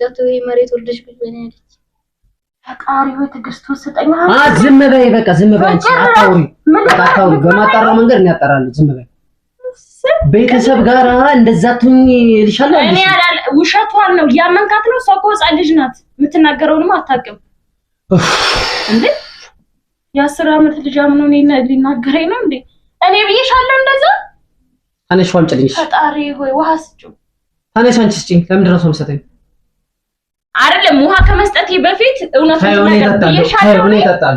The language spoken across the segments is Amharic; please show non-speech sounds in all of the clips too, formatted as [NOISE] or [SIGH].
ገብቶ መሬት ቁጭ በይ ያለች ፈቃሪ ትዕግስት ዝም በይ በቃ ዝም በይ አንቺ አታውሪ፣ አታውሪ መንገድ ነው ያጣራሉ። ዝም በይ ቤተሰብ ጋር እንደዛ ትሁኝ እልሻለሁ። እኔ አላል ውሸቷን ነው እያመንካት ነው። እሷ እኮ ልጅ ናት፣ የምትናገረውንም አታውቅም እንዴ። የአስር ዓመት ልጅ አምኖ እኔን ሊናገረኝ ነው እንዴ? እኔ ብዬሻለሁ እንደዛ። ታነሽ ዋምጭልኝ። ፈጣሪ ሆይ ውሃ ስጪው። ታነሽ አንቺ ስጪኝ። ለምንድን ነው ሰው አይደለም ውሃ ከመስጠቴ በፊት እውነቱ ነገር ይጠጣል።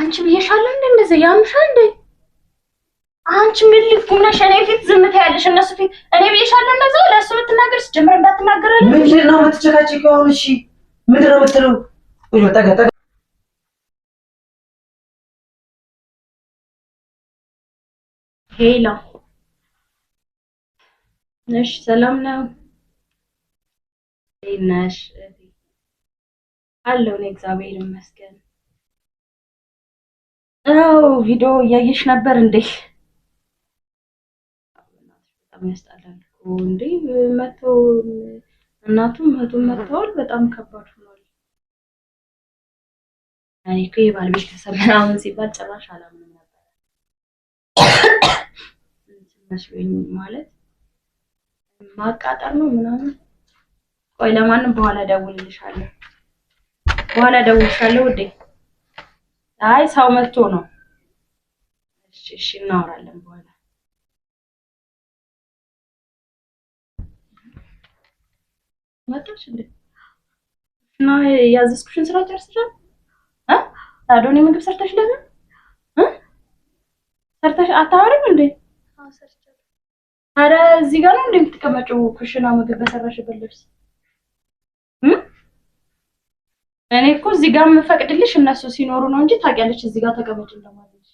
አንቺ ብዬሻለሁ እንደ እንደዚህ እንደ አንቺ ምን ነሽ? እኔ ፊት እነሱ ፊት እኔ ብዬሻለሁ እንደዛ ለእሱ የምትናገር እንዳትናገር ምንድን ነው የምትጨቃጨቂው? እሺ ምንድን ነው የምትለው? ጠጋ ጠጋ ሄላ ነሽ? ሰላም ነው? እንዴት ነሽ? አለሁ እኔ እግዚአብሔር ይመስገን። አዎ ቪዲዮ እያየሽ ነበር እንዴ? በጣም ያስጠላል እኮ እንዴ! መቶ እናቱም እህቱም መጥተዋል። በጣም ከባድ ሆኗል። እኔ እኮ የባል ቤተሰብ ምናምን ሲባል ጭራሽ አላምንም ነበር [COUGHS] ማለት ማቃጠል ነው ምናምን። ቆይ ለማንም በኋላ ደውልልሻለሁ፣ በኋላ ደውልሻለሁ ውዴ። አይ ሰው መጥቶ ነው። እሺ፣ እሺ፣ እናወራለን በኋላ መጣሽ እንዴ? እና ያዘዝኩሽን ስራ ጨርስሻል? አ አዶኒ ምግብ ሰርተሽ ለምን ሰርተሽ አታወሪም እንዴ? አዎ ሰርተሽ አረ እዚህ ጋር ነው እንደምትቀመጪው ኩሽና ምግብ በሰራሽበት ልብስ እኔ እኮ እዚህ ጋር የምፈቅድልሽ እነሱ ሲኖሩ ነው እንጂ ታውቂያለሽ፣ እዚህ ጋር ተቀመጭ እንደማለሽ።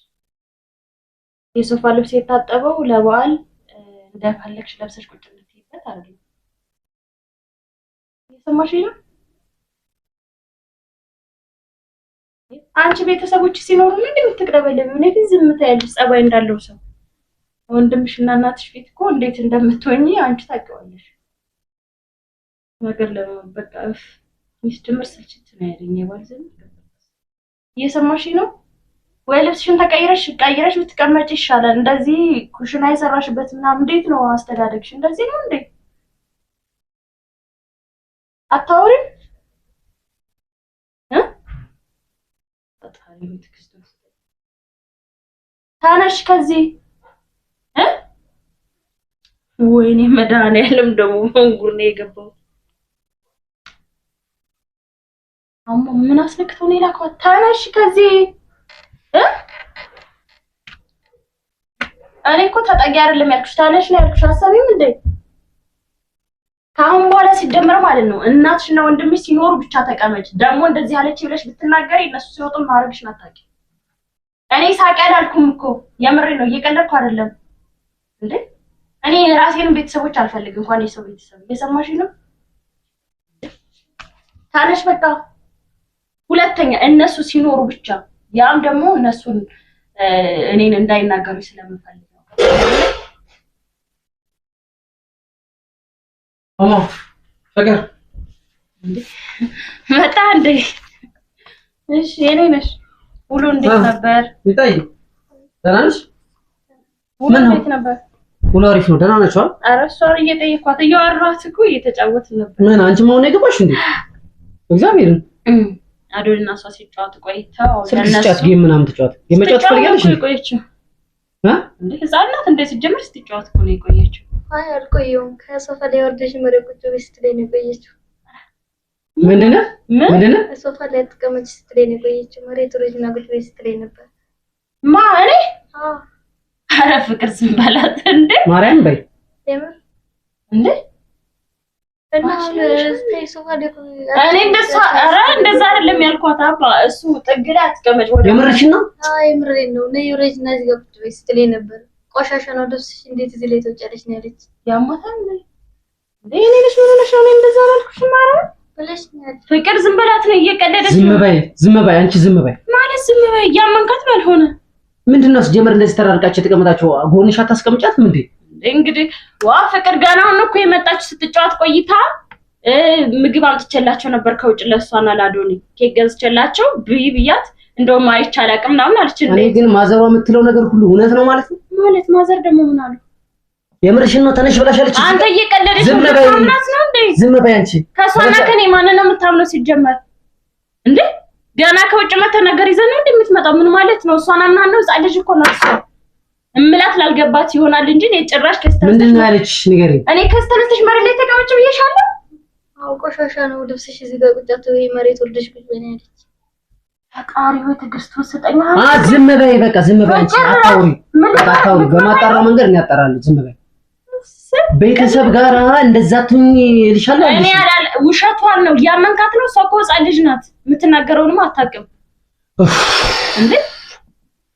የሶፋ ልብስ የታጠበው ለበዓል እንደፈለግሽ ለብሰሽ ቁጭ ብትይበት አይደለም። እየሰማሽ ነው? አንቺ ቤተሰቦች ሲኖሩ ምን እንደምትቅረበለብ እኔ ግን ዝምታ ያለሽ ጸባይ እንዳለው ሰው ወንድምሽ እና እናትሽ ፊት እኮ እንዴት እንደምትሆኚ አንቺ ታውቂዋለሽ። ነገር ለበቃ ሚስድምር ስልችት ነው ያለኝ። የባልዘን እየሰማሽ ነው ወይ? ልብስሽን ተቀይረሽ ቀይረሽ ብትቀመጭ ይሻላል። እንደዚህ ኩሽና የሰራሽበት ምናምን እንዴት ነው አስተዳደግሽ? እንደዚህ ነው እንዴ? አታወሪም ታነሽ ከዚህ ወይኔ መድኃኒዓለም ደግሞ መንጉር ነው የገባው። አሞ ምን አስነክተው ነው የላከው? ተነሽ ከዚህ እ እኔ እኮ ተጠጊ አይደለም ያልኩሽ፣ ተነሽ ነው ያልኩሽ። አሳቢም እንዴ ከአሁን በኋላ ሲደመር ማለት ነው እናትሽ እና ወንድምሽ ሲኖሩ ብቻ ተቀመጭ። ደግሞ እንደዚህ ያለች ብለሽ ብትናገሪ እነሱ ሲወጡ ማድረግሽን አታውቂም። እኔ ሳቂ አላልኩም እኮ የምሬ ነው፣ እየቀለድኩ አይደለም እንዴ እኔ የራሴን ቤተሰቦች አልፈልግ እንኳን የሰው ቤተሰብ እየሰማሽ ነው። ታነሽ በቃ ሁለተኛ እነሱ ሲኖሩ ብቻ ያም ደግሞ እነሱን እኔን እንዳይናገሩ ስለምፈልግ ነው። አማ ፍቅር መጣ እንዴ? እሺ የኔ ነሽ። ውሎ እንዴት ነበር? ይታይ ደህና ነሽ? ውሎ እንዴት ነበር? ውሎ አሪፍ ነው። ደህና ነች። ኧረ እሷ እየጠየኳት እያወራኋት እኮ እየተጫወትን ነበር። ምን አንቺ መሆን የገባሽ እንዴ? እግዚአብሔርን አዶልና እሷ ሲጫወት ቆይተው ስልክ ስትጫወት ጌም ምናምን ትጫወት የመጫወት ትፈልጊያለሽ? ቆየችው እንዴ ህፃን ናት እንዴ? ስትጀምር ስትጫወት እኮ ነው የቆየችው። አይ አልቆየሁም። ከሶፋ ላይ ወርደሽ መረቁጭ ቤት ስትለኝ ነው የቆየችው። ምንድን ነው ሶፋ ላይ ተቀመጭ ስትለኝ ነው የቆየችው። መሬት ወርደሽ ቁጭ ቤት ስትለኝ ነበር። ማ እኔ? አዎ አረ ፍቅር ዝም በላት እንዴ! ማርያም በይ እኔ እንደዛ አይደለም ያልኳት። አባ እሱ ጥግ ላይ አትቀመጭ። ወደ ነው? አይ ነው። ነይ እዚህ ወይ ስትለኝ ነበር። ቆሻሻ ነው እንዴት እዚህ ላይ ነው ያለች። ያማታል እኔ ልሽ ምን ሆነሽ ነው? እንደዛ ብለሽኛል። ፍቅር ዝም በላት ነው፣ እየቀለደች ዝም በይ፣ ዝም በይ፣ አንቺ ዝም በይ ማለት ዝም በይ። እያመንካት ባልሆነ ምንድን ነው ስጀምር እንደዚህ ተራርቃችሁ የተቀመጣችሁ ጎንሽ አታስቀምጫት? ምንድ እንግዲህ ዋ ፍቅር ገና አሁን እኮ የመጣችሁ ስትጫወት ቆይታ ምግብ አምጥቼላቸው ነበር ከውጭ ለሷና ላዶኒ ኬክ ገዝቼላቸው ብይ ብያት እንደውም አይቼ አላውቅም ምናምን አልችል። እኔ ግን ማዘሯ የምትለው ነገር ሁሉ እውነት ነው ማለት ነው ማለት ማዘር ደግሞ ምን አሉ? የምርሽን ነው ተነሽ ብላሽ አለች። አንተ እየቀለደች ዝም እንዴ? ዝም በይ አንቺ። ከሷና ከኔ ማንን ነው የምታምነው ሲጀመር እንዴ? ገና ከውጭ መተ ነገር ይዘን ነው እንደምትመጣው። ምን ማለት ነው? እሷን አምና ነው ጻ ልጅ እኮ ነው እሷ እምላት ላልገባት ይሆናል እንጂ እኔ ጭራሽ ከስተነስተሽ ምንድን ያለች ነገር እኔ ከስተነስተሽ መሬት ላይ ተቀመጭ ብዬሻለሁ። አዎ ቆሻሻ ነው ልብስሽ እዚህ ጋር ቁጭ አትበይ፣ መሬት ወልደሽ ቁጭ በይ ያለች ፈቃሪ ወይ ትዕግስት ወሰጠኛ። ዝም በይ በቃ ዝም በይ፣ አታውሪ አታውሪ። በማጣራው መንገድ እኔ አጣራለሁ። ዝም በይ ቤተሰብ ጋር እንደዛ ትኝ ልሻለ እኔ አላል ውሸቷን ነው እያመንካት ነው። ሰው እኮ ሕፃን ልጅ ናት። የምትናገረውንም አታውቅም እንዴ?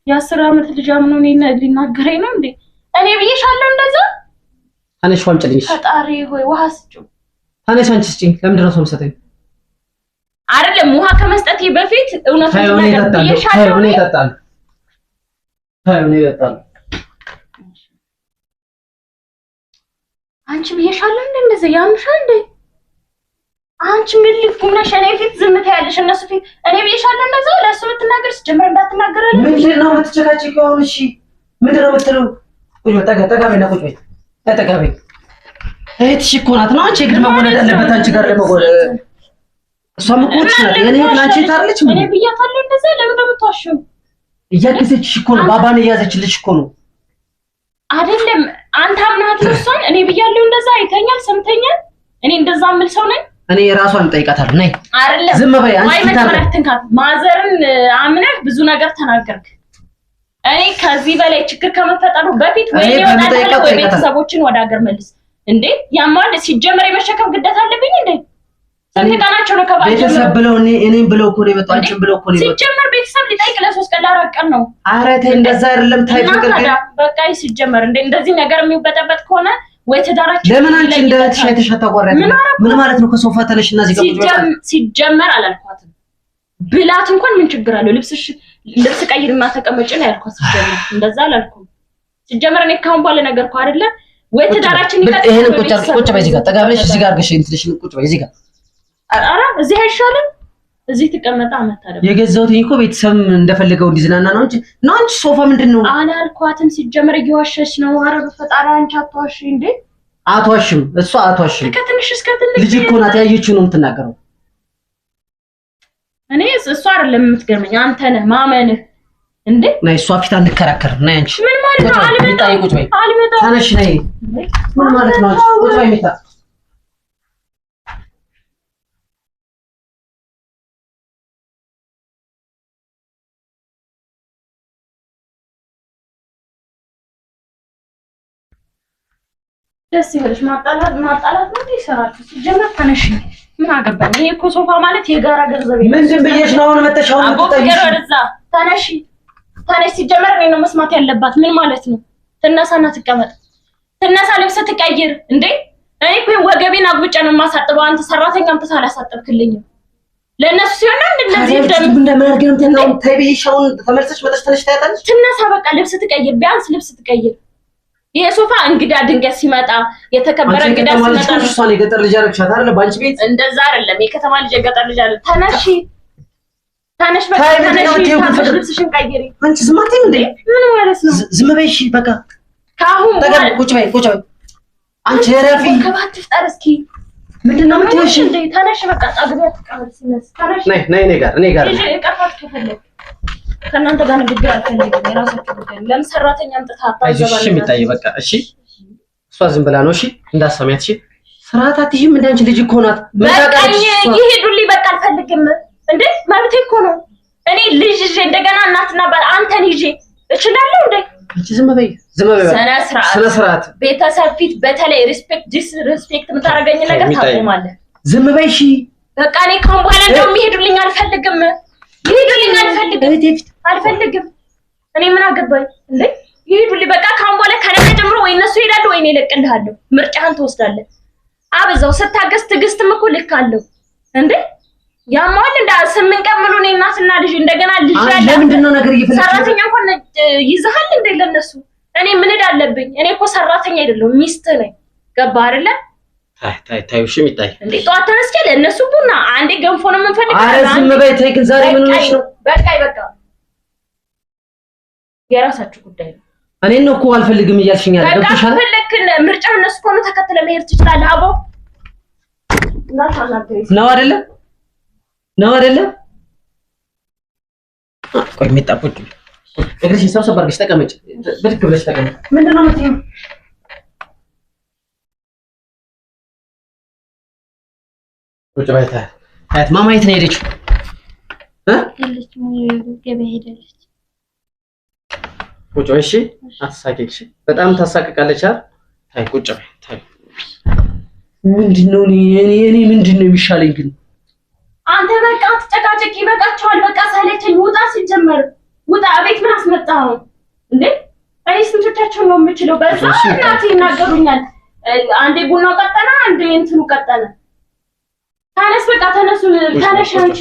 የአስር ዓመት ልጅ አምኖ ሊናገረኝ ነው እንዴ? እኔ ብዬሻለሁ እንደዛ። ታነሽ ውሃ አምጪልኝ። ፈጣሪ ሆይ ውሃ ስጪው። ታነሽ አንቺ ስጪኝ። ለምንድን ነው ሰው የምሰጠኝ? አይደለም ውሃ ከመስጠቴ በፊት እውነቱን ነገር ብዬሻለሁ። ታዩ እኔ እጠጣለሁ። እኔ እጠጣለሁ እኔ እጠጣለሁ አንቺ ብዬሻለሁ እንደ እንደዚህ ያምሻል እንዴ? አንቺ ምን ልፍኩናሽ? እኔ ፊት ዝምታ ያለሽ እነሱ ፊት እኔ ብዬሻለሁ እንደዛ ለእሱ የምትናገር ስትጀምር እንዳትናገራለሽ። ምንድን ነው የምትጨቃጨቂው? ከሆነ እሺ፣ ምንድን ነው የምትለው? ቁጭ በይ፣ ጠጋ በይና ቁጭ በይ፣ ጠጋ በይ። እህትሽ እኮ ናት ነው አንቺ ግድ መወለድ አለበት አንቺ ጋር ለመወለ እሷም እኮ ትችላል። እኔ ላንቺ ታርልች ምን እኔ ብያታለሁ እንደዛ። ለምን ነው የምትዋሽው? እያገዘችሽ እኮ ነው፣ ባባን እያዘችልሽ እኮ ነው አይደለም አንተ አምናት እሷን እኔ ብያለሁ። እንደዛ አይተኛል፣ ሰምተኛል። እኔ እንደዛ የምል ሰው ነኝ። እኔ ራሷን ጠይቃታለሁ። ነይ አይደለም ዝም በይ አንቺ። ማዘርን አምነህ ብዙ ነገር ተናገርክ። እኔ ከዚህ በላይ ችግር ከመፈጠሩ በፊት ወይ ወይ ቤተሰቦችን ወደ ሀገር መልስ እንዴ። ያማል ሲጀመር የመሸከም ግዴታ አለብኝ እንዴ? ሰይጣናቸው ነው። ከባድ ቤተሰብ ብለው እኔ እኔም ብለው እኮ ነው የመጣው። ብለው እኮ ነው ሲጀመር ቤተሰብ ሊጠይቅ ለሶስት ቀን ለአራት ቀን ነው። ኧረ ተይ እንደዛ አይደለም። ታይ ፍቅር ግን በቃ ሲጀመር እንደ እንደዚህ ነገር የሚበጠበጥ ከሆነ ወይ ትዳራችን ለምን አንቺ እንደ ተሻይ ተሻታ ምን ማለት ነው? ከሶፋ ተነሽ እና እዚህ ጋር ሲጀመር አላልኳትም። ብላት እንኳን ምን ችግር አለው? ልብስሽ ልብስ ቀይር እና ተቀመጭ ነው ያልኳት። ሲጀመር እንደዛ አላልኩም። ሲጀመር እኔ ካሁን በኋላ ነገርኩህ አይደለ ወይ ትዳራችን ይቀጥል። ይሄን ቁጭ ቁጭ በይ እዚህ ጋር ጠጋ እዚህ ጋር አድርገሽ እንትሽን ቁጭ በይ እዚህ ጋር ኧረ እዚህ አይሻልም? እዚህ ተቀመጣ አመታለሁ። የገዛሁት እኮ ቤተሰብ እንደፈለገው እንዲዝናና ነው እንጂ ነው አንቺ ሶፋ ምንድን ነው? አላልኳትም። ሲጀመር እየዋሸች ነው። አረ በፈጣሪ አንቺ አትዋሽ እንዴ! አትዋሽም፣ እሷ አትዋሽም። ከትንሽ እስከ ትልቅ ልጅ እኮ ናት፣ ያየችው ነው የምትናገረው። እኔ እሷ አይደለም የምትገርመኝ አንተ ነህ ማመንህ እንዴ። ነይ እሷ ፊት አንከራከርም። ነይ አንቺ ምን ማለት ነው? አልመጣም። ተነሽ ነይ። ምን ማለት ነው? አንቺ ቁጭ በይ ደስ ይበልሽ። ማጣላት ማጣላት ምን ይሰራል? ሲጀመር ተነሽ፣ ምን አገባኝ ይሄ እኮ ሶፋ ማለት የጋራ ገንዘብ ነው። ምንድን ብዬሽ ነው አሁን መተሽ? አሁን ተነሽ ተነሽ። ሲጀመር እኔ ነው መስማት ያለባት። ምን ማለት ነው? ትነሳና ትቀመጥ፣ ትነሳ ልብስ ትቀይር። እንዴ እኔ እኮ ወገቤን አጉብጬ ነው የማሳጥበው። አንተ ሰራተኛ አምጥተህ አላሳጥብክልኝም። ለእነሱ ሲሆን ነው እንደዚህ ደም እንደማርገም ተናው ታይቤ ይሻውን ተመልሰሽ መተሽ ተነሽ ታያታለሽ። ትነሳ በቃ ልብስ ትቀይር፣ ቢያንስ ልብስ ትቀይር ይሄ ሶፋ እንግዳ ድንገት ሲመጣ የተከበረ እንግዳ ሲመጣ እሷን የገጠር ልጅ አረግሻት አይደለ? ባንቺ ቤት እንደዛ አይደለም። የከተማ ልጅ የገጠር ልጅ አይደለም። ተነሺ ተነሽ፣ በቃ ተነሺ፣ ልብስሽን ቀይሪ። አንቺ ዝም አትይም እንዴ? ምን ማለት ነው? ዝም በይ በቃ ካሁን በቃ ቁጭ በይ፣ ቁጭ በይ። አንቺ ረፊ ከባት ጠር እስኪ ምንድን ነው የምትይው? እሺ ተነሽ፣ በቃ ጠግቢያ ትቀበል ሲነስ ተነሽ። ነይ ነይ፣ እኔ ጋር እኔ ጋር ቀፋት ከእናንተ ጋር ንግግር አልፈልግም። የራሳችሁ ጉዳይ። ለምን ሰራተኛ አምጥታ አታዘባለህ? እሺ የሚታይ በቃ እሺ። እሷ ዝም ብላ ነው እሺ፣ እንዳሰማያት እሺ። ስርዓት እንደ አንቺ ልጅ እኮ ናት። ይሄዱልኝ። በቃ አልፈልግም እንዴ ማለት እኮ ነው። እኔ ልጅ ይዤ እንደገና እናትና ባል አንተን ይዤ እችላለሁ እንዴ? እቺ ዝም በይ፣ ዝም በይ። ስነ ስርዓት ቤተሰብ ፊት በተለይ ሪስፔክት፣ ዲስ ሪስፔክት የምታደርገኝ ነገር ታቆማለህ። ዝም በይ እሺ። በቃ እኔ ከአሁን በኋላ እንደውም ይሄዱልኝ አልፈልግም። ይሄዱልኝ አልፈልግም። አልፈልግም። እኔ ምን አገባኝ እንዴ? ይሄዱልኝ በቃ። ካሁን በኋላ ከነገ ጀምሮ ወይ እነሱ ይሄዳሉ ወይ እኔ እለቅልሃለሁ። ምርጫህን ትወስዳለህ። አበዛው ስታገስ። ትዕግስትም እኮ ልክ አለው እንዴ? ያማል እንደ ስምንት ቀን ሙሉ እኔ እናትና ልጅ እንደገና ልጅ ያለ ለምንድን ነው ነገር ይፈልጋል። ሰራተኛ እንኳን ይዘሃል እንዴ ለነሱ? እኔ ምን እዳ እኔ እኮ ሰራተኛ አይደለሁ ሚስት ነኝ። ገባ አይደለ? ታይ ታይ ታይ እሺ፣ ይታይ እንዴ ጠዋት ተነስቼ ለእነሱ ቡና አንዴ ገንፎ ነው የምንፈልገው። ኧረ ዝም በይ ታይ ግን ዛሬ ምን ሆነሽ ነው? በቃ ይበቃ የራሳችሁ ጉዳይ ነው። እኔ ነው እኮ አልፈልግም እያልሽኝ አለ። ገብቶሻል። ፈለክን ምርጫ እነሱ ከሆነ ተከትለ መሄድ ትችላለህ። አቦ ነው አደለ? ነው አደለ? ቆይ ሜጣ ቁጭ እግርሽን ሰብሰብ አድርገሽ ተቀመጭ። ብድግ ብለሽ ተቀመጭ። ምንድን ነው የምትይው? ቁጭ በይ። ታያት ማማየት ነው የሄደችው። ገበያ ሄደለች ቁጭ እሺ፣ አሳቂቅሽ በጣም ታሳቅቃለች። ታይ ቁጭ ታይ። ምንድነው እኔ ምንድነው የሚሻለኝ ግን? አንተ በቃ አትጨቃጨቅ፣ ይበቃቸዋል። በቃ ሰለቸኝ። ውጣ፣ ሲጀመር ውጣ። አቤት ምን አስመጣ ነው እንዴ? እኔ ስንቶቻቸውን ነው የምችለው? በዛ እናቴ ይናገሩኛል። አንዴ ቡናው ቀጠና፣ አንዴ እንትኑ ቀጠና። ታነስ፣ በቃ ተነሱ፣ ተነሽ አንቺ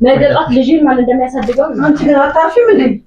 ما يدير الأطل يجي ما عندما يصدقون أنت تعرفي منين